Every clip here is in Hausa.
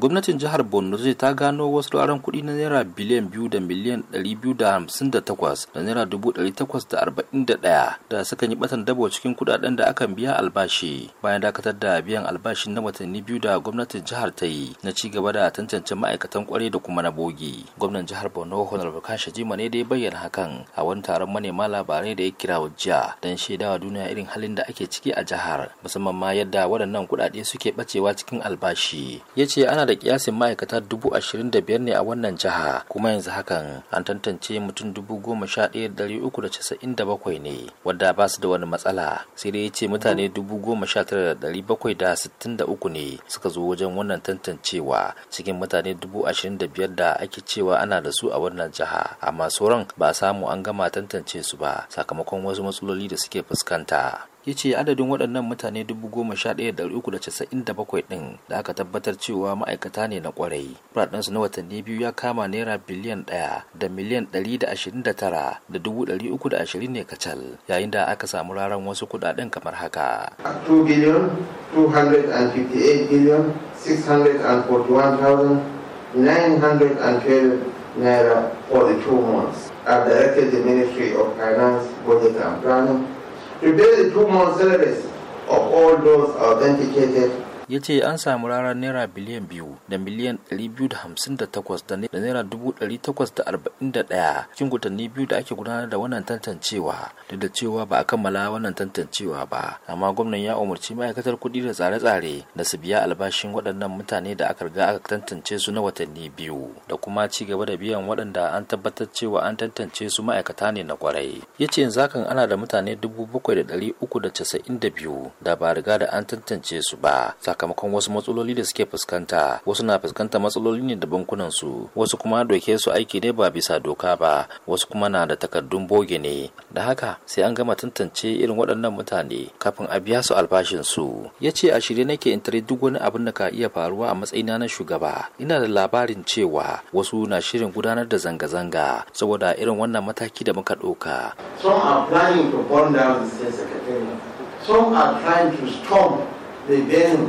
gwamnatin jihar borno zai ta gano wasu aron kuɗi na naira biliyan biyu da miliyan ɗari biyu da hamsin da takwas da naira dubu ɗari takwas da arba'in da ɗaya da suka yi batan dabo cikin kuɗaɗen da akan biya albashi bayan dakatar da biyan albashin na watanni biyu da gwamnatin jihar ta yi na ci gaba da tantance ma'aikatan kware da kuma na bogi gwamnan jihar borno honorable kashi jima ne da ya bayyana hakan a wani taron manema labarai da ya kira jiya don shaidawa duniya irin halin da ake ciki a jihar musamman ma yadda waɗannan kuɗaɗe suke ɓacewa cikin albashi ya ce ana da kiyasin ma'aikata dubu ashirin da biyar ne a wannan jiha kuma yanzu hakan an tantance mutum dubu goma sha ɗaya da dari uku da casa'in da bakwai ne wadda ba su da wani matsala sai dai ya ce mutane dubu goma sha tara da dari bakwai da sittin da uku ne suka zo wajen wannan tantancewa cikin mutane dubu ashirin da biyar da ake cewa ana da su a wannan jiha amma sauran ba a samu an gama tantance su ba sakamakon wasu matsaloli da suke fuskanta. ya ce adadin waɗannan mutane 11,397 ɗin da aka tabbatar cewa ma'aikata ne na kwarai ɗansu na watanni biyu ya kama naira biliyan ɗaya da miliyan 129 da 320 ne kacal yayin da aka samu raran wasu kuɗaɗen kamar haka 2 biliyan 258 biliyan 641,912 naira for two months. I've directed the Ministry of Finance, Budget and Planning Replace the two month of all those authenticated ya ce an samu rarar naira biliyan biyu da miliyan 258 da naira 841 cikin gutanni biyu da ake gudanar da wannan tantancewa da da cewa ba a kammala wannan tantancewa ba amma gwamnan ya umarci ma'aikatar kuɗi da tsare-tsare da su biya albashin waɗannan mutane da aka riga aka tantance su na watanni biyu da kuma ci gaba da biyan waɗanda an tabbatar cewa an tantance su ma'aikata ne na kwarai ya ce yanzu hakan ana da mutane 7,392 da ba riga da an tantance su ba sakamakon wasu matsaloli da suke fuskanta wasu na fuskanta matsaloli ne da bankunan su wasu kuma doke su aiki ne ba bisa doka ba wasu kuma na da takardun boge ne da haka sai an gama tantance irin waɗannan mutane kafin a biya su albashin su ya ce a shirye nake in tare duk wani abin da ka iya faruwa a matsayina na shugaba ina da labarin cewa wasu na shirin gudanar da zanga-zanga saboda irin wannan mataki da muka ɗauka. Some are planning to burn down the state secretariat. Some are trying to storm the venue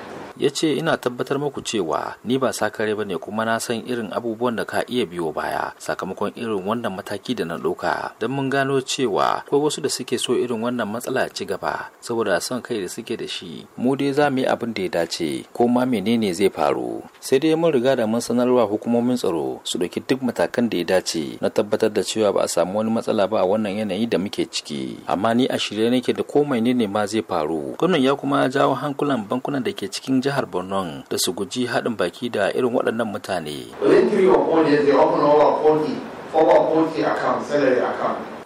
ya ce ina tabbatar muku cewa ni ba sakare ba ne kuma na san irin abubuwan da ka iya biyo baya sakamakon irin wannan mataki da na ɗauka don mun gano cewa ko wasu da suke so irin wannan matsala ci gaba saboda son kai da suke da shi mu dai za mu yi abin da ya dace ko ma menene zai faru sai dai mun riga da mun sanarwa hukumomin tsaro su ɗauki duk matakan da ya dace na tabbatar da cewa ba a samu wani matsala ba a wannan yanayi da muke ciki amma ni a shirye nake da ko menene ma zai faru gwamnan ya kuma jawo hankulan bankunan da ke cikin jihar borno da su guji haɗin baki da irin waɗannan mutane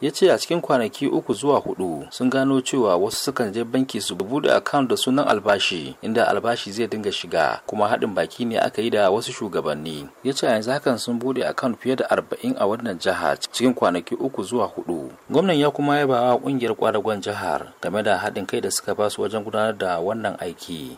ya ce a cikin kwanaki uku zuwa hudu sun gano cewa wasu sukan je banki su bude account da sunan albashi inda albashi zai dinga shiga kuma haɗin baki ne aka yi da wasu shugabanni ya ce yanzu hakan sun bude account fiye da arba'in a wannan jiha cikin kwanaki uku zuwa hudu gwamnan ya kuma yaba wa ƙungiyar kwadagon jihar game da haɗin kai da suka basu wajen gudanar da wannan aiki